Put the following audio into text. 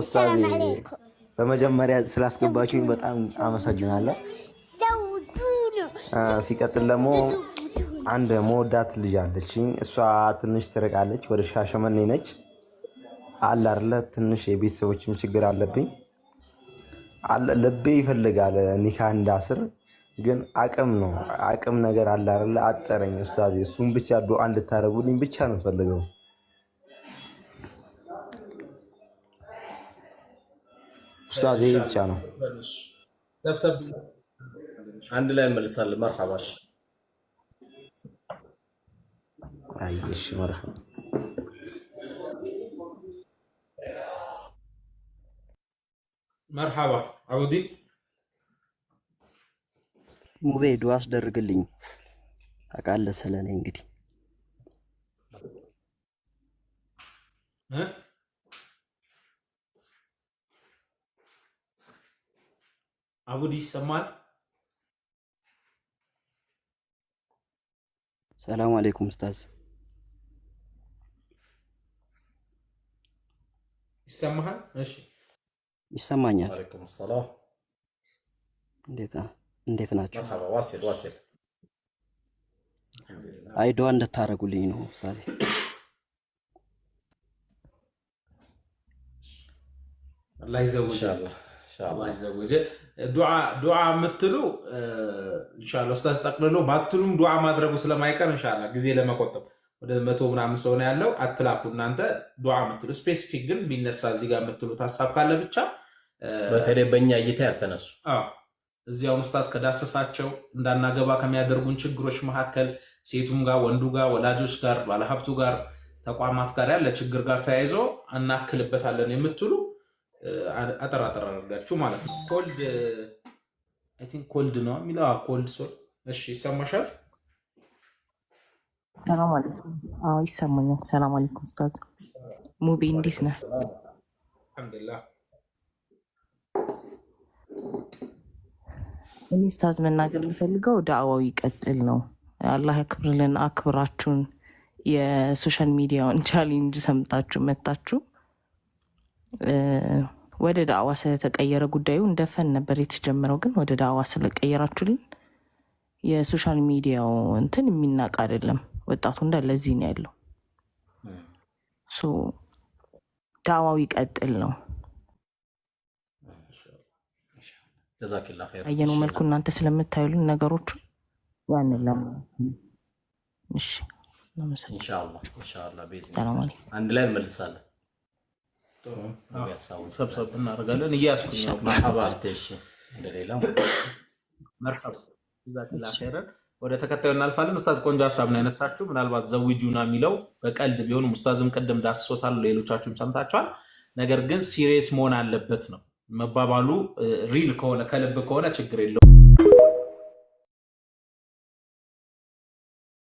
ኡስታዝ በመጀመሪያ ስላስገባችሁኝ በጣም አመሰግናለሁ። ሲቀጥል ደግሞ አንድ መወዳት ልጅ አለች እሷ ትንሽ ትርቃለች፣ ወደ ሻሸመኔ ነች። አላርለ ትንሽ የቤተሰቦችም ችግር አለብኝ። ልቤ ይፈልጋል ኒካ እንዳስር፣ ግን አቅም ነው አቅም ነገር አላርለ አጠረኝ። ኡስታዝ እሱም ብቻ ዱዓ እንድታረጉልኝ ብቻ ነው ፈልገው ኡስታዝ ይሄ ብቻ ነው። አንድ ላይ እንመልሳለን። መርሐባሽ አይሽ መርሐ መርሐባ አቡዲ ሙቤ ዱዓ አስደርግልኝ ታውቃለህ ስለኔ እንግዲህ አቡድ ይሰማል። ሰላም አሌይኩም ስታዝ ይሰማሃል? እሺ ይሰማኛል። አለይኩም ሰላም። እንዴት ናቸው? አይ ዱዓ እንድታደርጉልኝ ነው አላህ ይዘውልህ ዱዓ የምትሉ እንሻላ ኡስታዝ ጠቅልሎ ባትሉም ዱዓ ማድረጉ ስለማይቀር እንሻላ ጊዜ ለመቆጠብ ወደ መቶ ምናምን ሰው ነው ያለው። አትላኩ እናንተ ዱዓ የምትሉ ስፔሲፊክ ግን እዚህ ጋር የምትሉት ሀሳብ ካለ ብቻ በተለይ በእኛ እይታ ያልተነሱ እዚያውን ኡስታዝ ከዳሰሳቸው እንዳናገባ ከሚያደርጉን ችግሮች መካከል ሴቱም ጋር፣ ወንዱ ጋር፣ ወላጆች ጋር፣ ባለሀብቱ ጋር፣ ተቋማት ጋር ያለ ችግር ጋር ተያይዞ እናክልበታለን የምትሉ አጠር አጠር አድርጋችሁ ማለት ነው። ኮልድ አይ ቲንክ ኮልድ ነው የሚለው ኮልድ ሶል። እሺ ይሰማሻል? ሰላም አለይኩም። አዎ ይሰማኛል። ሰላም አለይኩም ኡስታዝ ሙቢ እንዴት ነህ? አልሐምዱሊላህ። እኔ ኡስታዝ መናገር ልፈልገው ዳዕዋው ይቀጥል ነው። አላህ ያክብርልን። አክብራችሁን የሶሻል ሚዲያውን ቻሌንጅ ሰምጣችሁ መታችሁ ወደ ዳዋ ስለተቀየረ ጉዳዩ እንደፈን ነበር የተጀመረው፣ ግን ወደ ዳዋ ስለቀየራችሁልን የሶሻል ሚዲያው እንትን የሚናቅ አይደለም። ወጣቱ እንዳለ እዚህ ነው ያለው። ዳዋው ይቀጥል ነው አየነው መልኩ እናንተ ስለምታዩልን ነገሮቹ ያንን አንድ ላይ እንመልሳለን። ሰብሰብ እናደርጋለን። እያያዝኩኝ ወደ ተከታዩ እናልፋለን። ኡስታዝ ቆንጆ ሀሳብ ነው ያነሳችሁ። ምናልባት ዘዊጁና የሚለው በቀልድ ቢሆንም ኡስታዝም ቅድም ዳስሶታል፣ ሌሎቻችሁም ሰምታችኋል። ነገር ግን ሲሪየስ መሆን አለበት ነው መባባሉ ሪል ከሆነ ከልብ ከሆነ ችግር የለውም።